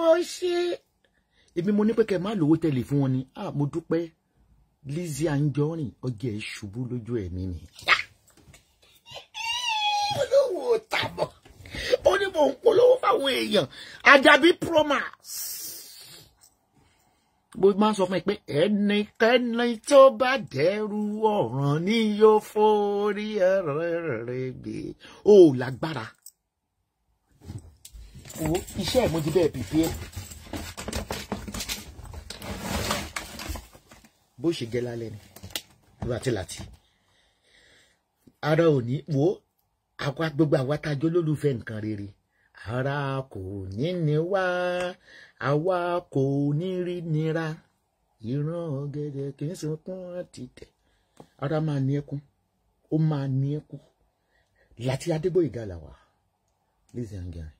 mo ṣe èmi mo ní pé kẹ má lówó tẹlẹ fún wọn ni ah mo dúpẹ́ Lizzy Anjorin ọjà ẹ ṣubú lójú ẹ̀mí mi. olówó tàbọ̀ ó ní mò ń polówó fáwọn èèyàn àjàbí promax bó máa ń sọ fún ẹ pé ẹnikẹ́ni tó bá dẹ́rù ọ̀ràn ni yóò forí ẹ̀rẹ̀ gbé ó lágbára wo iṣẹ́ ẹ̀ mo ti bẹ́ẹ̀ pìpì ẹ̀ bó ṣe jẹ́ lálẹ́ ni láti láti ara ò wo àwa gbogbo àwa tá a lólùfẹ́ nǹkan rere ara kò ní ní wá àwa kò ní rí nira ìran ọ̀gẹ̀dẹ̀ kì í sunkún àti tẹ̀ ara máa ní ẹkún ó máa ní ẹkún láti Adégbóyèga làwà lẹ́sìn àgbẹ̀rẹ̀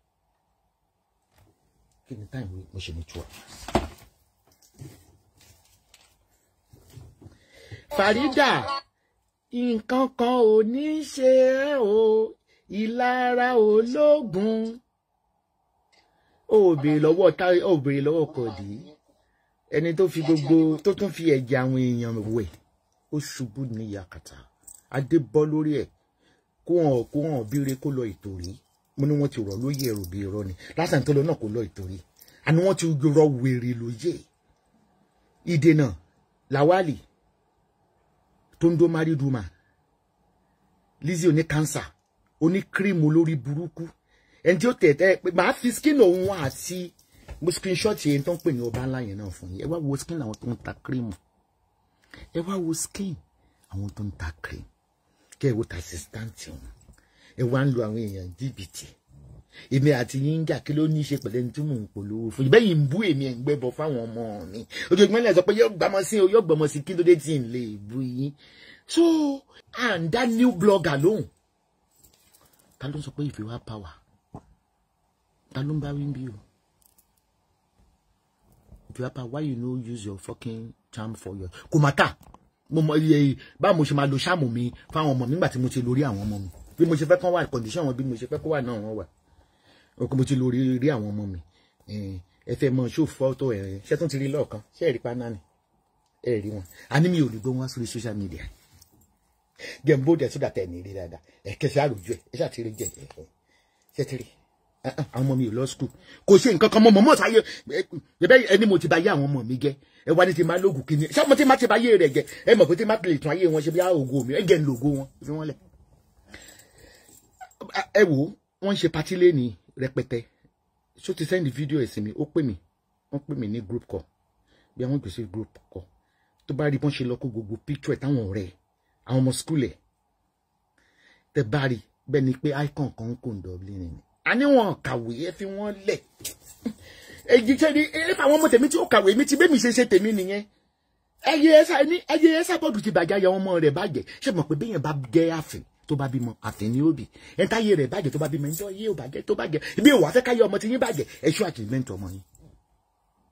kí ni táìmù mo ṣe ní two hours. Farida nǹkan kan ò ní ṣe ẹ́ o ìlara ológun òbèrè lọ́wọ́ òbèrè lọ́wọ́ kọ̀dí ẹni tó fi gbogbo tó tún fi ẹ̀jẹ̀ àwọn èèyàn wẹ̀ ó ṣubú ní yakata adébọ́ lórí ẹ̀ kó hàn kó hàn bíire kó lọ ìtòrí mo ní wọ́n ti rọ̀ lóyè ẹ̀rù bí irọ́ ni lásán tó lọ náà kò lọ ìtorí àní wọ́n ti rọ wèrè lóyè ìdènà làwálì tó ń dó márídùmá Lizzy oní kánsà oní kírímù olórí burúkú ẹni tí ó tẹ̀ pé màá fi skin òun àti mo screenshot yẹn tó ń pè ní ọba ńlá yẹn náà fún yín ẹ wá wo skin àwọn tó ń ta kírímù ẹ wá wo skin àwọn tó ń ta kírímù kẹ́ ẹ wo tàṣí stáǹtì wọn ẹ wá ń lo àwọn èèyàn jìbìtì èmi àti yín ń jà kí ló ní í ṣe pẹ̀lú ẹni tí mò ń polówó fún bẹ́ẹ̀ yìí ń bú èmi ẹ̀ ń gbẹ́bọ fáwọn ọmọ mi ojoojúmọ́ ilẹ̀ sọ pé yóò gbàmọ́ sí o yóò gbàmọ́ sí kí ló dé tí ń lè bú yín so à ń dá new blogger lóhùn ta ló ń sọ pé ìfẹ́ wa power ta ló ń bá wí ń bí o ìfẹ́ wa power why you no use your fucking charm for your kò má ta mo mọ iye báwo mo ṣe máa lo ṣáàmù mi fáwọn ọmọ mi nígbà tí mo ti lórí àwọn ọmọ mi bí mo ṣe fẹ́ kán wà condition wọn bí mo ṣe fẹ́ kó wà náà wọ́n wà okun mo ti lórí rí àwọn ọmọ mi ẹ fẹ́ mọ ṣòfò ọ̀tọ̀ ẹ̀ ṣẹ́ tún ti rí lọ́ọ̀kan ṣẹ́ rí paná ni ẹ rí wọn a ní mi ò lè gbé wọn sórí social media gẹ̀mbó dẹ̀ sódà tẹ̀ ní rí dáadáa ẹ̀ kẹsẹ̀ àròjù ẹ̀ ẹ̀ ṣàtìrí jẹ̀ ẹ̀ ṣẹ́tìrì àwọn ọmọ mi ò lọ skul kò ṣe nǹkan kan mọ mọmọ sáyé ẹbẹ ẹni mo ti bá yé àwọn ọmọ mi gẹ ẹ wá ní ti máa lóògùn kí ni ṣé ọmọ tí má ti bá yé rẹ gẹ ẹ mọ̀ pé tí má lè tún ayé wọn ṣe bí ògo mi ẹ gẹ ń lògo wọn fi wọn lẹ. Ah, ẹ wò ó wọ́n ń ṣe patí lẹ́ni rẹpẹtẹ ṣó ti sẹ́ndì fídíò ẹ̀ sí mi ó pè mí wọ́n pè mí ní group call bí àwọn gbèsè group call tó bá rí bọ́n ṣe lọ kó gbogbo píkṣọ ẹ̀ táwọn ọ̀rẹ́ àwọn ọmọ skul ẹ̀ tẹ bá rí bẹ́ẹ̀ ni pé icon kan ń kò ń dọ̀bí nìyẹn a ní wọn kàwé ẹ fi wọn lẹ̀ èyí tẹ́ ni ẹ fàwọn ọmọ tèmi tí ó kàwé mi ti bẹ́ẹ̀ mi ṣe ṣe tèmi nìyẹn ẹyẹ ẹsà ní ẹyẹ ẹsà bọ́ọ̀dù ti bàjẹ́ àwọn ọmọ rẹ̀ bàjẹ́ ṣe mọ̀ pé bẹ́yẹn bá gẹ́ àfẹ́ tó bá bímọ àfin ni ó bì ẹni táyé rẹ̀ bàjẹ́ tó bá bímọ ẹni tó yé ò bàjẹ́ tó bàjẹ́ ibi ìwà fẹ́ káyé ọmọ tí yín bàjẹ́ ẹṣú àtìmẹ́ǹtì ọmọ yín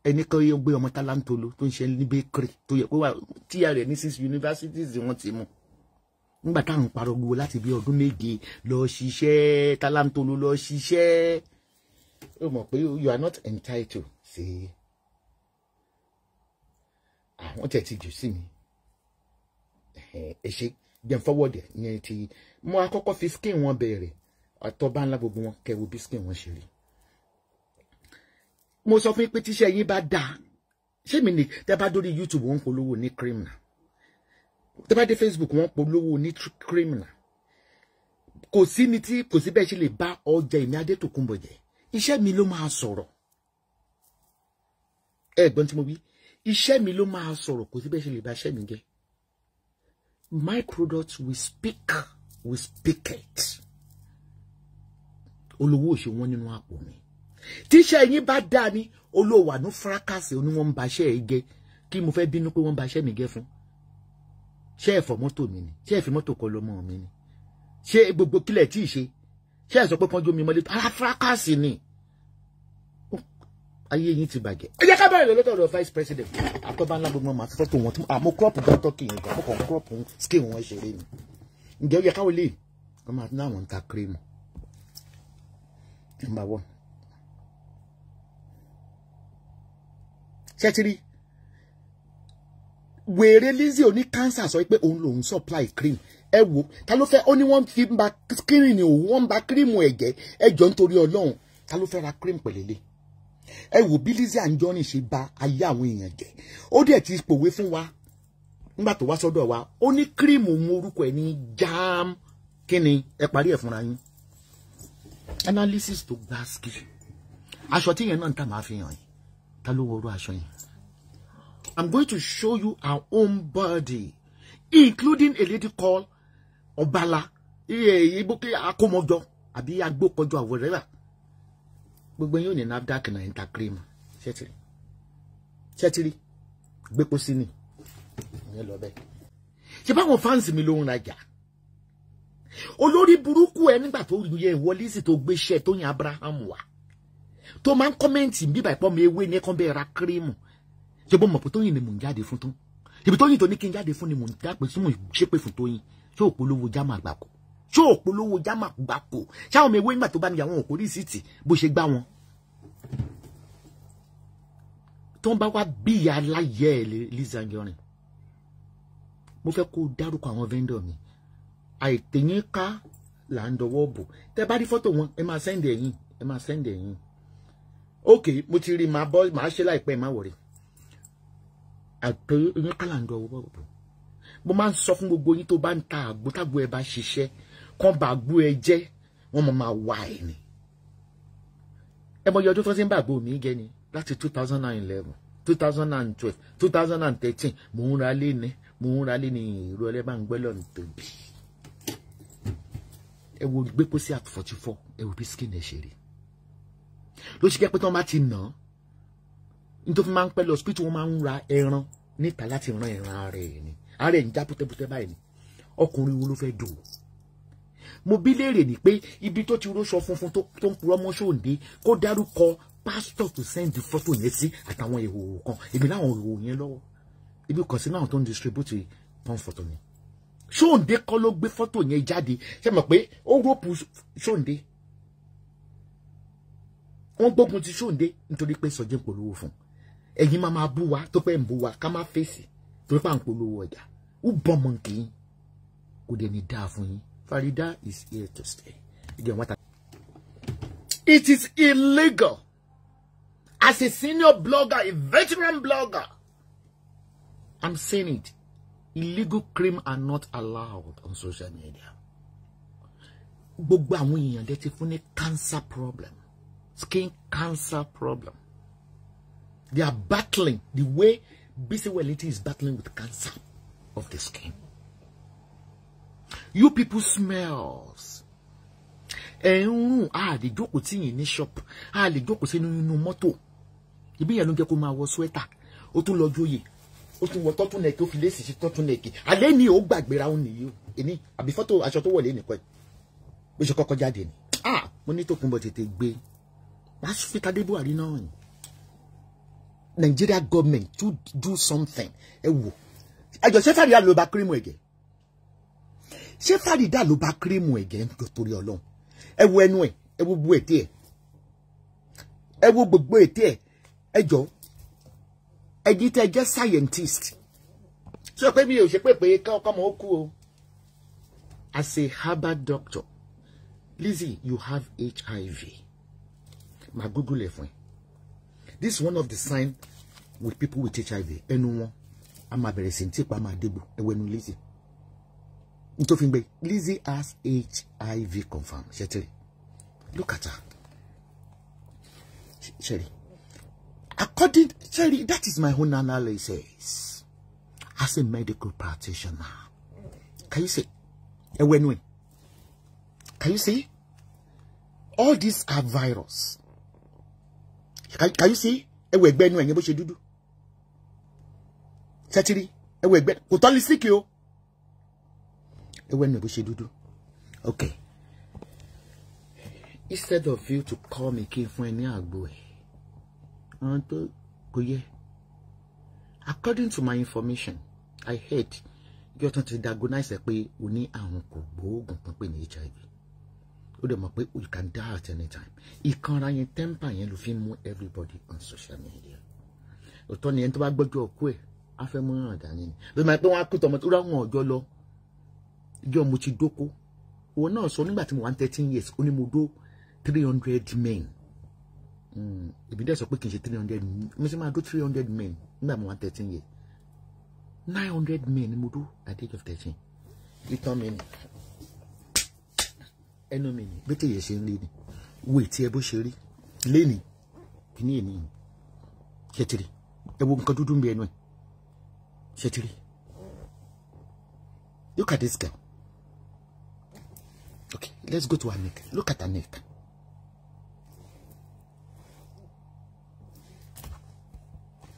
ẹni kan yóò gbé ọmọ tálántolo tó ń ṣe ní bakery tó yẹ pé wà tíyà rẹ̀ ní six universities wọ́n ti mú nígbà táwọn parọ́ gbogbo láti bí ọdún méje lọ ṣiṣẹ́ tálántolo lọ ṣiṣẹ́ ó mọ̀ pé you are not entitled sí àwọn tẹ̀ ti jù sí mi ẹ ṣe dem forward yẹn ti mo àkọ́kọ́ fi skin wọn bẹ̀rẹ̀ àtọba ńlá gbogbo wọn kẹwo bí skin wọn ṣe rí mo sọ fún yín pé tíṣẹ́ yín bá dáa ṣé mi ní tẹ́ dórí youtube wọ́n ń polówó ní criminal tẹ́ bá dé facebook wọ́n ń polówó ní criminal kò sí ni tí kò sí bẹ́ẹ̀ ṣe lè bá ọjà èmi adétòkùnbọ̀ jẹ́ iṣẹ́ mi ló máa sọ̀rọ̀ ẹ̀gbọ́n tí mo wí iṣẹ́ mi ló máa sọ̀rọ̀ kò sí bẹ́ẹ̀ ṣe lè bá iṣẹ́ mi jẹ́ my product will speak will speak it olówó òṣè wọn nínú àpò mi tíṣẹ́ yín bá dáa ní olówó àánú fúrákàsì oníwọ̀n ń baṣẹ́ ẹ̀ gẹ́ kí mo fẹ́ bínú pé wọ́n ń baṣẹ́ mi gẹ́ fún ṣé ẹ fọ mi ni ṣé ẹ fi mọ́tò kọ lọ́mọ mi ni ṣé gbogbo kile tí ì ṣe ṣé ẹ sọ pé kánjú mi mọ́lẹ́ ara fúrákàsì ni ayé yín ti bàjẹ́. ẹ jẹ́ ká bẹ̀rẹ̀ lọ́tọ̀ ọ̀dọ̀ vice president àtọ́ba ńlá gbogbo ọmọ àti fọ́tò wọn àmọ́ crop gan tọ́kì yẹn kan mọ́kàn crop scale wọn ṣeré ni ǹjẹ́ ó yẹ káwọn lè wọ́n máa ní àwọn ń ta cream number one. ṣẹ́tìrì wèrè Lizzy oní cancer sọ pé òun lòún supply cream ẹ wò ta ló fẹ́ ó ní wọ́n fi ń ba cream ni òun wọ́n ń ba cream ẹ̀jẹ̀ ẹ̀jọ̀ nítorí ọlọ́run ta ló fẹ́ ra cream pẹ̀lẹ́lẹ́ ẹ wò bí Lizzy Anjorin ṣe ba ayé àwọn èèyàn jẹ́ ó dẹ̀ ti pòwe fún wa nígbà tó wá sọ́dọ̀ wa ó ní kírìmù òun orúkọ ẹ̀ ní jam kí ni ẹ parí ẹ̀ fúnra yín analysis tó gbáàsì aṣọ tí yẹn náà ń tà máa fi hàn yín ta ló wọrú aṣọ yẹn. I'm going to show you our own body including a lady called Obala iye ìbókè akómọjọ àbí agbókọjọ àwòrán gbogbo yín ò ní NAFDAC náà ń ta cream ṣẹ́tìrì ṣẹ́tìrì gbépo sí ni ìyẹn lọ bẹ́ẹ̀ ṣe báwọn fáǹsì mi ló ń rajà olórí burúkú ẹ nígbà tó yẹ ìwọlé sí tó gbéṣẹ́ tó yan Abraham wá tó máa ń kọ́mẹ́ǹtì bíbà ìpọ́ mi ewé ní ẹ̀kọ́ bẹ́ẹ̀ ra kírímù ṣe bó mọ̀ pé Tóyìn ni mò ń jáde fún tán ibi Tóyìn tó ní kí n jáde fún ni mò ń dápẹ́ sí mò ń ṣépè fún Tóyìn ṣé òpolówó jámà àgbàkọ́ tí ò polówó jámà gbàpò ṣáwọn ọmọ ewé nígbà tó bá mi àwọn òkú rìsíìtì bó ṣe gbá wọn. tó ń bá wá bí ìyá aláyẹ ẹ Lizzy Anjorin mo fẹ́ kó dárúkọ àwọn vendor mi àìtẹ̀yìn ká là ń dọwọ́ bò tẹ́ bá rí fọ́tò wọn ẹ máa sẹ́ndì ẹ̀yìn ẹ máa sẹ́ndì ẹ̀yìn ok mo ti rí màá bọ́ màá ṣe láìpẹ́ má wọ̀rẹ́ àìtẹ̀yìn là ń dọwọ́ bò mo máa ń sọ fún gbogbo yín tó bá ń ta àgbo ẹ bá ṣiṣẹ́ kán bàgbó ẹ jẹ́ wọ́n mọ̀ máa wà ẹ̀ ni ẹ mọ̀ iye ọdún tó ti ń bàgbó mi gẹ́ ni láti two thousand and eleven two thousand and twelve two thousand and thirteen mò ń ra lé ní mò ń ra lé ní ìró ẹlẹ́ bá ń gbẹ́ lọ́nà tóbi ẹ wo gbépo sí at forty four ẹ wo bí skin ẹ ṣe rí ló ṣe jẹ́ pé tí wọ́n bá ti nà nítorí máa ń pẹ́ lọ hospital wọn máa ń ra ẹran níta láti ran ẹran ara ẹ̀ ni ara ẹ̀ ń já pútẹ́pútẹ́ báyìí ni ọkùnrin wo ló fẹ́ dùn mo bí léèrè ni pé ibi tó ti róṣọ funfun tó ń purọ́ mọ́ Ṣóǹdé kó dárúkọ pásítọ̀ tó sẹ́ndì fọ́tò yẹn sí àtàwọn ìhòòhò kan èmi láwọn ìhòòhò yẹn lọ́wọ́ ibi kan sí náà tó ń distribute pọ́n fọ́tò yẹn Ṣóǹdé kọ́ ló gbé fọ́tò yẹn jáde ṣe mọ̀ pé ó rọ́pù Ṣóǹdé wọ́n gbógun ti Ṣóǹdé nítorí pé sọjí ń polówó fún ẹ̀yin máa máa bú wa tó pẹ́ ń bú wa ká má fèsì torí pé à ń polówó ọjà ó bọ́ mọ̀ nkì í kò dẹ̀ ní dáa fún yín Farida is here to stay. Again, what it is illegal as a senior blogger, a veteran blogger. I'm saying it. Illegal crime are not allowed on social media. Gbogbo and èèyàn cancer problem, skin cancer problem. They are battling the way Bisi Wellington is battling with cancer of the skin. you people smells ẹ ń rùn a lè jókòó tí yìí ní shop a lè jókòó sínú inú mọ́tò ibi yẹn ló ń jẹ́ kó máa wọ sweater ó tún lọ jóyè ó tún wọ tọ́tún nẹ̀kì ó fi léèsì sí tọ́tún nẹ̀kì alẹ́ ni ó gbàgbéra ó nìyí o èmi àbí fọ́tò aṣọ tó wọlé nìkan yìí bó ṣe kọ́kọ́ jáde ni ah mo ní Tòkunbọ̀ tètè gbé wàá fi Tadé Buhari náà yìí Nigeria government to do something ẹ wò àjọṣẹ́fàrí àlọ́ bá kírímù ẹ̀gẹ́ ṣé Farida ló bá kírímù ẹ̀gẹ́ torí ọlọ́run ẹ wo ẹnu ẹ ẹ wo gbogbo ètè ẹ ẹ wo gbogbo ètè ẹ ẹ jọ ẹ̀yin tẹ́ jẹ́ scientist sọ pé mi ò ṣe pé pé kọ́mọ ó kú o as a herbal doctor Lizzie you have HIV ma google ẹ fún ẹ this is one of the sign with people with HIV ẹnu wọn a máa bẹ̀rẹ̀ sí ní tipa máa dégbò ẹwẹ́nu Lizzie nítorí fi gbé Lizzie has HIV confam ṣètìrì look at her ṣẹ̀rí according ṣẹ̀rí that is my own analysis as a medical practitioner can you see ẹ wẹ́nu ẹ̀ can you see all these are virus can, can you see ẹ wọ ẹgbẹ́ ẹnu ẹ̀yẹ bó ṣe dúdú ṣẹ́tìrì ẹ wọ ẹgbẹ́ kò tọ́lí síkì o ewu ẹnu ẹ bó ṣe okay instead of you to call me kí n fún ẹ ní àgbo ẹ àwọn tó according to my information I heard bí ọtún ti diagnose ẹ pé o ní àrùn kò gbóògùn tó ń pè HIV ó dẹ̀ mọ̀ pé you can die at any time ìkanra yẹn tẹ́ḿpà yẹn ló fi mú everybody on social media òtọ́ ni ẹni tó bá gbọ́jọ́ òkú ẹ̀ á fẹ́ mú ìrànlọ́dà nínú ló máa pẹ́ wọn á kú tọmọ tó ráwọn ọjọ́ lọ ìjọ mo ti dóko òun náà sọ nígbà tí mo wà ní thirteen years ó ní mo dó three hundred men hmm, èmi dẹ́ sọ pé kì í ṣe three hundred mi sì máa dó three hundred men nígbà mo wà ní thirteen years nine hundred men ni mo dó at the age of thirteen ìtàn mi ni ẹnu mi ni bẹ́tẹ̀ yẹn ṣe ń lé ni wèé tí ẹ bó ṣe rí léni kìíní èmi ni ṣètìrì ẹ wo nǹkan dúdú ń ẹnu ẹ ṣètìrì look at this girl. Okay, let's go to her neck. Look at her neck.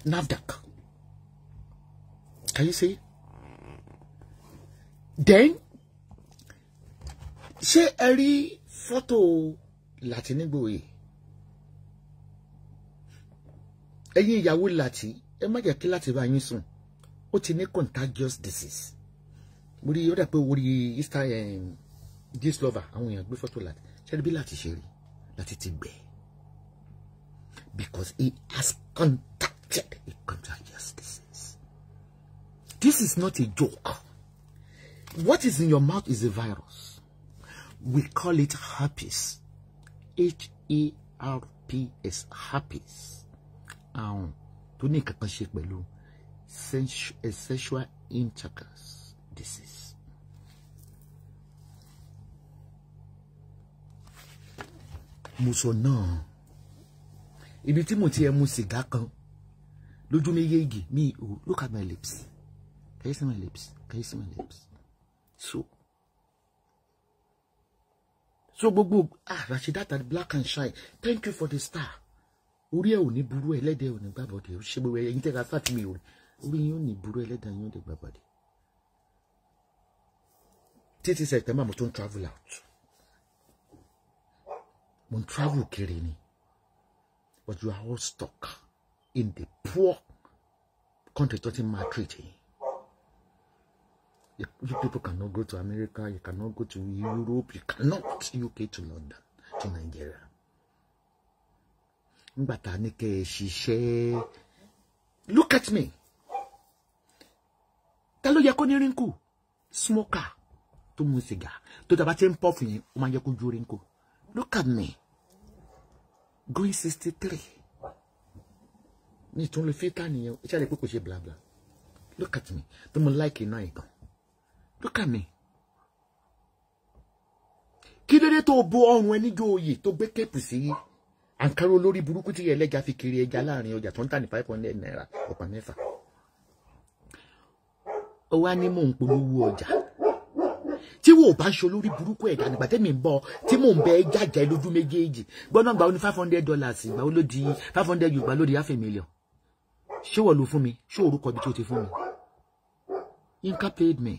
NAFDAC. Can you see? Then, ṣé every photo, Latin Látìnígbò yìí? Ẹ̀yin lati, Láti, ẹ má jẹ́ kí Láti bá yín sùn. ti ní contagious disease. Mo rí ó dà pé orí Easter This lover àwọn èèyàn gbé fọ́tò láti ṣẹ́ni bí láti ṣe rí láti ti gbẹ̀ because he has contacted a contagious disease. this is not a joke what is in your mouth is a virus we call it herpes h-e-r-p-s herpes àrùn tó ní kankan ṣe pẹ̀lú eh, sexual intercourse disease. mo sọ náà ibi tí mo ti ẹ mu sìgá kan lójú méjèèjì mi ò look at my lips can you see my lips can you see my lips so so gbogbo ah Rashidat black and shine thank you for the star orí ẹ ò ní burú ẹlẹ́dẹ̀ ò ní gbàbọ̀dẹ̀ ó ṣe gbogbo ẹyin tẹ́ka sáà tí mi ò rí orí yín ò ní burú ẹlẹ́dẹ̀ yín ò ní gbàbọ̀dẹ̀ títí sẹ̀tẹ̀mbà mo tún travel out mo travel kiri ni but you are all stuck in the poor country tó ti máa treat yín you people cannot go to America you cannot go to Europe you cannot UK to London to Nigeria ńgbà tá a ní kẹ́ look at me ta ló yẹ kó ní rínkù smoker tó mu sìgá tó dábàá tí ń pọ̀ fún yín ó máa yẹ kó ju rínkù look at me going sixty three ní ìtún lè filter nìyẹn ẹ ṣáà lè pé kò ṣe bla bla look at me tó mo like iná ìtàn look at me kí dédé tó bo ọrùn ẹ níjó oyè tó gbé kéèpù sí àǹkárá olórí burúkú tí ẹlẹ́ja fi kiri ẹja láàrin ọjà tó ń tà ní five hundred naira ọ̀pá Owa ni wá ní mò ń polówó ọjà tí wò bá ṣe olórí burúkú ẹ̀dá nígbà tẹ́mi ń bọ̀ tí mò ń bẹ jàjà lójú méjèèjì gbọ́dọ̀ gbà ó ní five hundred dollars ìgbà ó ló di five hundred yorùbá ló di half a million ṣé wọ́n lo fún mi ṣé orúkọ ibi tí o ti fún mi Yinka paid me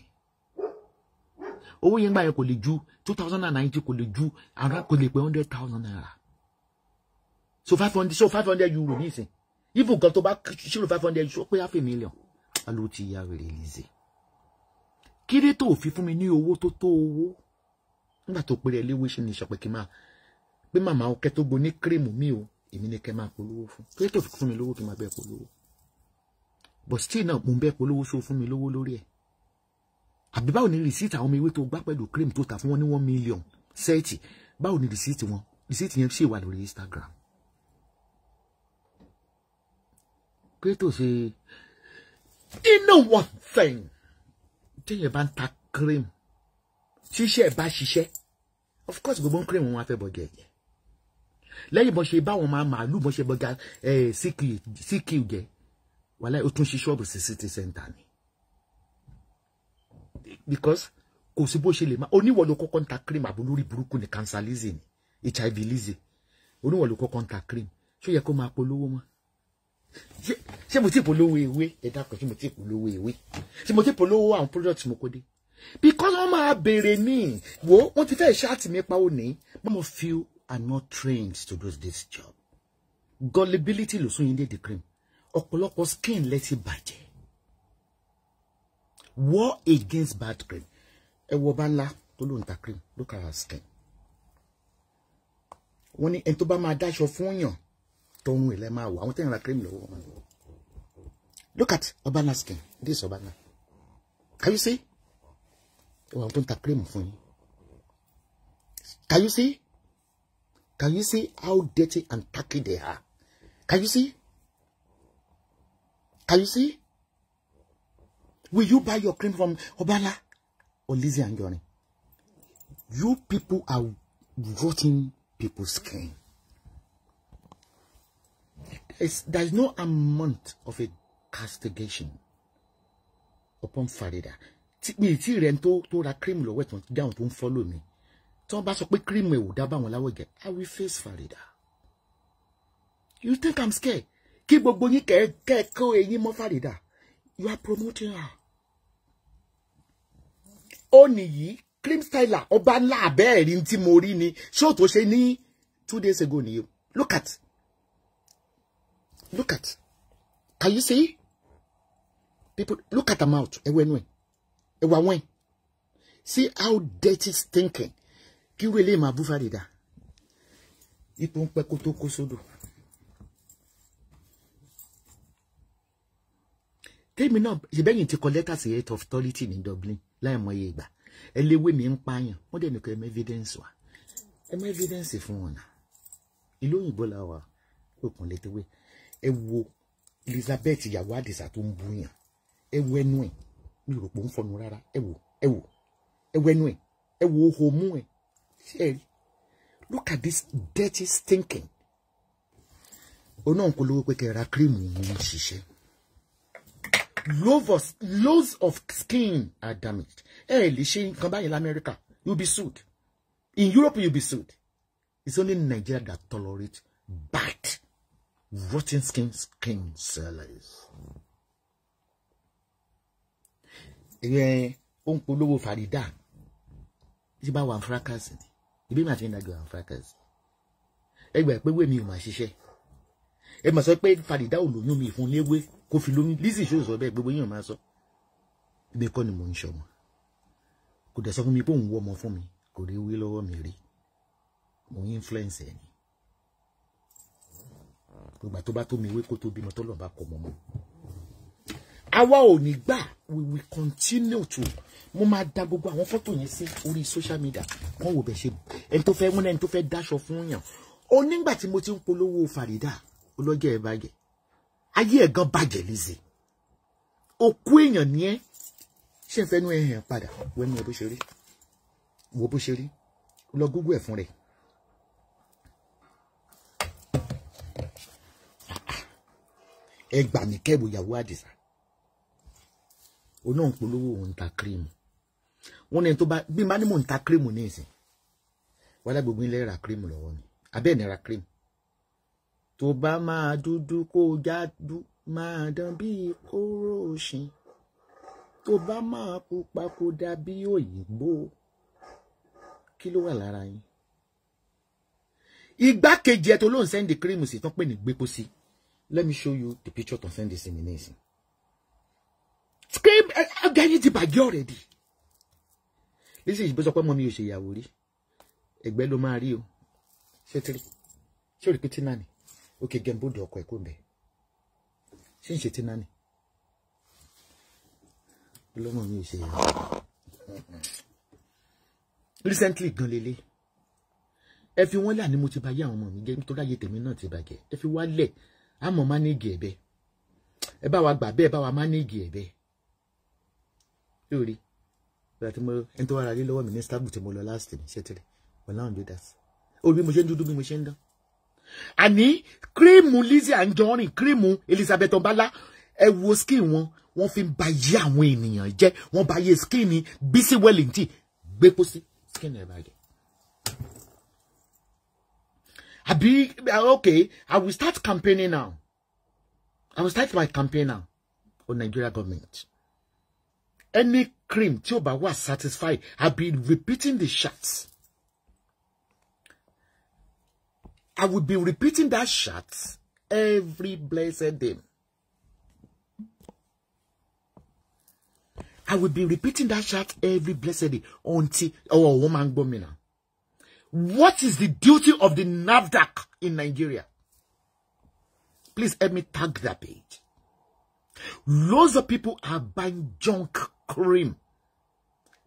owó yẹn gbà yẹn kò lè ju two thousand and ninety kò lè ju ara kò lè pé hundred thousand naira so five hundred so five hundred euro nísìn even kan tó bá ṣírò five hundred euro pé half a million alo ti ya release kílé tó fi fún mi ní owó tó tó owó nígbà tó pèrè ẹlẹ́wọ́ ṣe ni ìṣọ̀pẹ̀ kí máa pé màmá ọkẹ́ tó gbo ní kírèmù mi o èmi ni kẹ́ máa polówó fún kílé tó fi fún mi lówó kí máa bẹ́ẹ̀ polówó but still náà mo ń bẹ́ẹ̀ polówó ṣó fún mi lówó lórí ẹ̀ àbí báwo ni rìsíìtì àwọn ọmọ ewé tó gbá pẹ̀lú kírèmù tó tà fún wọn ní one million sẹ́ẹ̀tì báwo ni rìsíìtì wọn rìsíìtì yẹn ṣì wà lórí Instagram kílé tó ṣe you know one thing téèyàn bá ń ta cream ṣíṣe ẹ̀ bá ṣiṣẹ́ of course gbogbo cream wọn á fẹ́ bọ̀ jẹ̀jẹ̀ lẹ́yìn bọ́n ṣe báwọn máa màálù bọ́n ṣe bọ́gà ck jẹ́ wàhálà ó tún ṣe ṣọ́ọ̀bù sí city center ni because kò sí bó ṣe lè má oníwọ̀ ló kọ́kọ́ ń ta cream àbúlórí burúkú ni cancer lizzy ni hiv lizzy oníwọ̀ ló kọ́kọ́ ń ta cream ṣó yẹ kó máa polówó mọ́ ṣé mo ti polówó ewé ẹ dákun ṣé mo ti polówó ewé ṣé mo ti polówó àwọn product mo kó dé because wọ́n máa béèrè ní wo wọ́n ti fẹ́ ṣáàtì mi pa òní but mo feel I'm not trained to do this job gullibility ló sún yín dédé cream ọ̀pọ̀lọpọ̀ skin lẹ ti bàjẹ́ war against bad cream ẹ wọ ọba ńlá tó ló ń ta cream look at her skin wọ́n ní ẹni tó bá máa dáṣọ fún yàn tóun ilẹ̀ máa wò àwọn tẹ́yìn ra cream lọ́wọ́ look at Obana skin this Obana can you see ẹwà àwọn tó ń ta cream fún yín can you see can you see how dirty and tacky they are can you see can you see will you buy your cream from Obana or Lizzie and Johnny? you people are rotting people's skin. It's, there's no amount of a castigation upon Farida. Me, ti rẹ̀ tó to ra cream lọ́wọ́ tó dáhùn tó follow me. Tí wọ́n bá sọ pé cream ẹ̀ ò dá I will face Farida. You think I'm scared? Keep Kí gbogbo yín kẹ́ẹ̀kọ́ eyín mọ́ Farida. You are promoting her. Only, nìyí, cream styler ọba ńlá àbẹ́ẹ̀rí tí mo rí ni ṣó tó ṣe two days ago Ni, Look at Look at. Can you see? People, look at them out. See how dirty is thinking. Kí wele ma bufa dida. Ipò ń pẹ́ kó tó kó sódò. Tèmi náà, ìbẹ́yìn ti kọ lẹ́tà sí head of authority ní Dublin láìmọye ìgbà. Ẹlẹ́wé mi ń pààyàn, wọ́n dẹ̀ nìkan ẹmọ evidence wa. Ẹmọ evidence fún wọn náà. Ìlú òyìnbó la wà, òkun létewé ẹ wo Elizabeth ìyàwó àdìsá tó ń búyàn ẹ wo ẹnu ẹ mi rò pé ó ń fọnu rárá ẹ wo ẹ wo ẹ wo ẹnu ẹ ẹ wo ohun mú ẹ ṣe ẹ look at this dirty stinking oná ń polówó pé kẹra kírìmù òun ń ṣiṣẹ́ loads of skin are damaged ẹ lè ṣe nǹkan báyìí America. you'll be sued in Europe you'll be sued it's only Nigeria that tolerate bad rotten skin skin sellers. ìyẹn ó ń polówó fàrídà tí bá wà ń fracas ni ìbí màá fi ń dàgbà wà ń fracas ẹ gbà pé wèmí ò máa ṣiṣẹ́ ẹ mà sọ pé fàrídà ò lóyún mi fún léwé kó fi lóyún lísì ṣó sọ bẹ́ẹ̀ gbogbo yín ò máa sọ ibi kọ́ ni mò ń ṣọmọ kò dẹ̀ sọ fún mi pé òun wọ́ ọmọ fún mi kò rí wí lọ́wọ́ mi rí mò ń influence ẹ̀ ni ìgbà tó bá tó mi ìwé kó tó bímọ tọ́lọ̀ bá kọ mọ́ mọ́ àwa ò ní gbà we will continue to mo máa da gbogbo àwọn fọ́tò yẹn sí orí social media wọ́n wò bẹ̀ ṣe ẹni tó fẹ́ múná ẹni tó fẹ́ dáṣọ fún yàn ó nígbà tí mo ti ń polówó Farida ọlọ́jọ́ ẹ̀ bàjẹ́ ayé ẹ̀ gan bàjẹ́ lézè òkú èèyàn ni ẹ́ ṣe ń fẹ́nu ẹ̀ hàn padà wẹ́nu ẹ̀ bó ṣe rí wo bó ṣe rí lọ Google ẹ̀ fún rẹ̀. ẹ gbà mí kẹ́wò ìyàwó àdìsá oná ń polówó òun ta kírímù wọn ní tó bá bí má ní mò ń ta kírímù ní ìsìn wọn lágbègbè ilé ra kírímù lọ́wọ́ mi abẹ́ ẹ̀ ní ra kírímù tó bá máa dúdú kó o já dú máa dán bíi kóró òṣìn tó bá máa pupa kó dàbí òyìnbó kí ló wà lára yín igbákejì ẹ tó ló ń sẹ́ndì kírímù sí tán pè ní gbépo sí. Si Let me show you the picture concerning this insemination. Scream, eh, eh, agbẹ́yìn ti bàjẹ́ already. Lísì ìbí sọ pé mọ́ mi ò ṣe ìyàwó rí. Ẹgbẹ́ ló máa rí o. Ṣé tí ṣé òrìpí tí náà ni? Òkè gẹ̀mbódò ọkọ̀ ẹ̀kọ́ mbẹ̀. Ṣé ń ṣe tí náà ni? Ọlọ́mọ mi ò Recently gan lele. ẹ fi wọn là ní mo ti bàyẹ àwọn ọmọ mi jẹ́ nítorí ayé tèmi náà ti bàjẹ́ ẹ fi wá le àmọ́ mánéègì ẹ̀bẹ̀ ẹ bá wa gbà bẹ́ẹ̀ bá wa mánéègì ẹ̀bẹ̀ lórí ìgbà tí mo ẹni tó wà rárí lọ́wọ́ mi ní Istanbul tí mo lọ last ní ṣẹ́tìrì wọn láwọn ló dà sí orí bí mo ṣe ń dúdú bí mo ṣe ń dán àní kírìmù Lizzy Anjorin kírìmù Elizabeth Ọbalá ẹ wo skin wọn wọ́n fi ń ba yé àwọn ènìyàn jẹ́ wọ́n ba yé skin ní Bisi Wellington gbé pósí skin ẹ̀ bàjẹ́ be okay i will start campaigning now i will start my campaign now on nigeria government any cream tí o bá wà satisfied i be repeating the shots i will be repeating that shot every blessed day i will be repeating that shot every blessed day until ọwọ́ wọn máa ń gbọ́ mi What is the duty of the NAVDAC in Nigeria? Please help me tag that page. Loads of people are buying junk cream.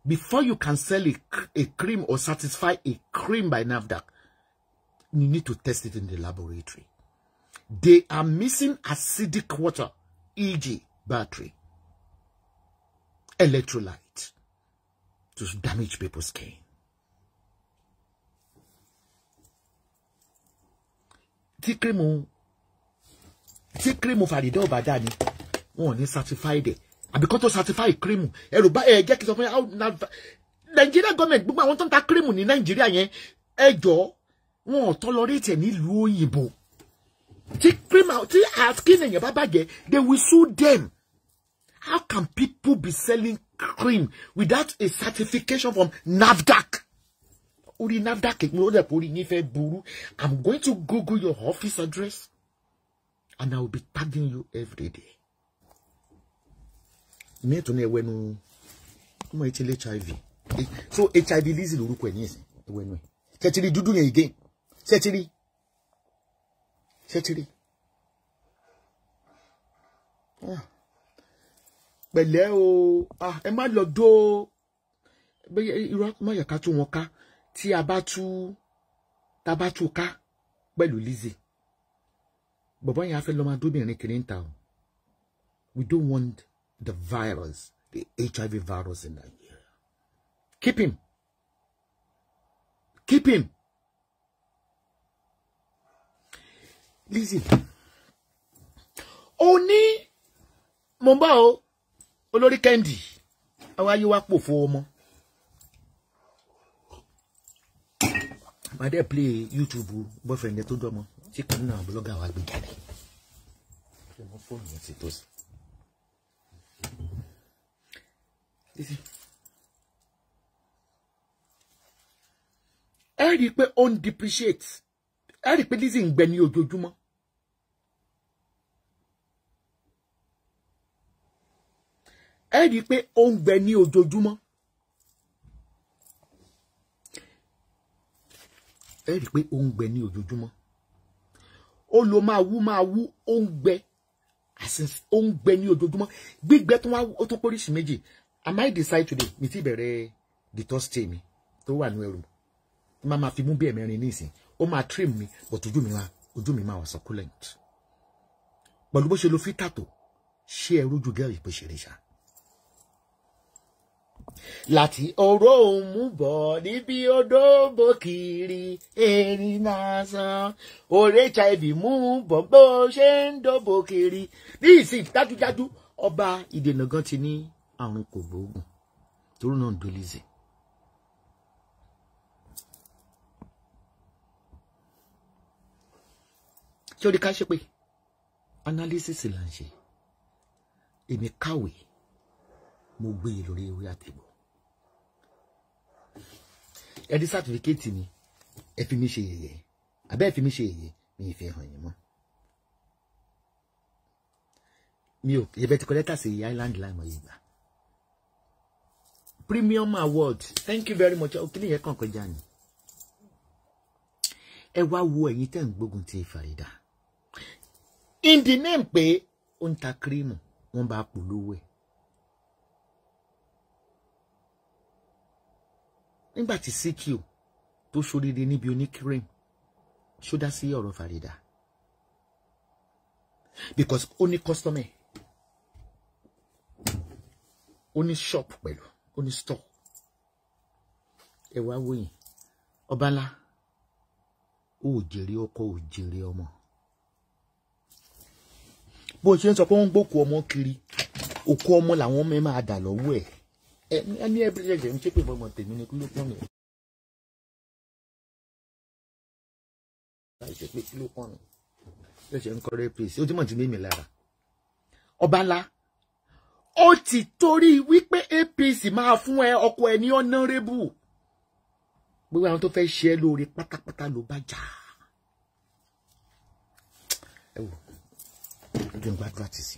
Before you can sell a, a cream or satisfy a cream by NAVDAC, you need to test it in the laboratory. They are missing acidic water, e.g. battery, electrolyte, to damage people's skin. tí kírímù tí kírímù fàrídẹ́ ọ̀bà dá ni wọn ò ní certified ẹ̀ àbí kó tó certify kírímù ẹ̀rù bá ẹ̀ jẹ́ kí n sọ fún yà nàìjíríà gọ́ọ̀mẹ̀ntì gbogbo àwọn tó ń ta kírímù ní nàìjíríà yẹn ẹ jọ wọn ò tọ́lọ́rẹ́tì ẹ̀ nílùú òyìnbó tí kírímù tí skin èèyàn bá bàjẹ́ they will sue them how can people be selling cream without a certification from NAFDAC? orí NAFDAC pé ó dẹ̀pọ̀ orí yín fẹ́ burú i'm going to google your office address and i will be tagging you every day. mi ò tún ní ẹwẹ́nu ọmọ etí lé hiv eh, so hiv Lizzy lórúkọ ẹ̀ ní ìsìn ẹwẹ́nu ẹ̀ ṣẹ́tìrì dúdú yẹn again ṣẹ́tìrì ṣẹ́tìrì ah. pẹ̀lẹ́ o ah, ẹ má lọ dó o bẹ́ẹ̀ irú má yẹ ká tún wọn ká tí a bá tú tá a bá tú ká pẹ̀lú Lizzie bọ̀bọ̀ yẹn á fẹ́ lọ máa dóbìnrin kiri ń ta o we don't want the virus the HIV virus in Nigeria keep him keep him Lizzie ó ní mo ń bá o olórí Kẹ́hìndé àwọn ayé wa pòfo ọmọ. máa dẹ́ play YouTube boyfriend tó dọ́mọ tí kan náà blogger wa gbé jáde ẹ rí i pé ó ń depreciate ẹ rí i pé Lizzy ń gbẹ ní ojoojúmọ́. ẹ rí i pé ó ń gbẹ ní ojoojúmọ́. ẹ rí i pé ó ń gbẹ ní ojoojúmọ́ ó lo máa wú máa wú ó ń gbẹ ó ń gbẹ ní ojoojúmọ́ gbígbẹ tó wá ó tó póríṣi méjì I decide today mi ti bẹ̀rẹ̀ the thursday mi tó wà ní ẹrù má máa fi mú bí ẹ̀mẹ́rin ní ìsìn ó máa trim mi but ojú mi máa ojú mi máa wà succulent pẹ̀lú bó ṣe lo fítà tó ṣé ẹ rójú gẹ́rì pé ṣeré ṣáà láti oró òun mú bọ̀ níbi odò bòkìrì erin lásán òré hiv mú bọ̀ bó ṣe ń dòbò kiri ní ìsìn dájúdájú ọba ìdènà gan ti ní àrùn kògbóògùn torí náà ń dolizè. ṣé o rí ká ṣe pé analysis là ń ṣe èmi kàwé mo gbé e lórí orí àtẹ̀bọ̀ ẹ di ni, mi ẹ fi mi ṣe yẹ̀yẹ́ abẹ́ ẹ fi mi ṣe yẹ̀yẹ́ mi ì fi hàn yín mọ́ mi ò yẹ bẹ́ẹ̀ ti kọ lẹ́tà sí island láìmọ̀ yìí gbà premium award thank you very much kí nìyẹn kàn kọjá ni ẹ wá wo ẹ̀yin tẹ́ ń gbógun ti Farida in the name pé ó ń ta kírímù wọ́n bá polówó ẹ̀ nígbà tí CQ tó ṣoríire níbi oníkírèm ṣó dá sí ọ̀rọ̀ Farida because ó ní customer ó ní shop pẹ̀lú ó ní store ẹ wá wòyìn ọba ńlá ó jèrè ọkọ ó jèrè ọmọ bó ṣe ń sọ pé wọ́n ń gbókù ọmọ kiri òkú ọmọ làwọn mẹ́ máa dà lọ́wọ́ ẹ̀ ẹni ẹbí jẹjẹ ń ṣe pé bọmọ tèmi ni ló pọn mi. láìsẹ pé kí ló pọn mi lẹsẹ ń kọrẹ pèsè ó ti mọ̀ ti mímì lára ọba ńlá ó ti torí wípé APC máa fún ẹ ọkọ ẹ ní ọ̀nàrẹ́bù gbogbo àwọn tó fẹ́ ṣe ẹ lóore pátápátá ló bá jà ẹ wò ó dùn gbàdúrà tì sí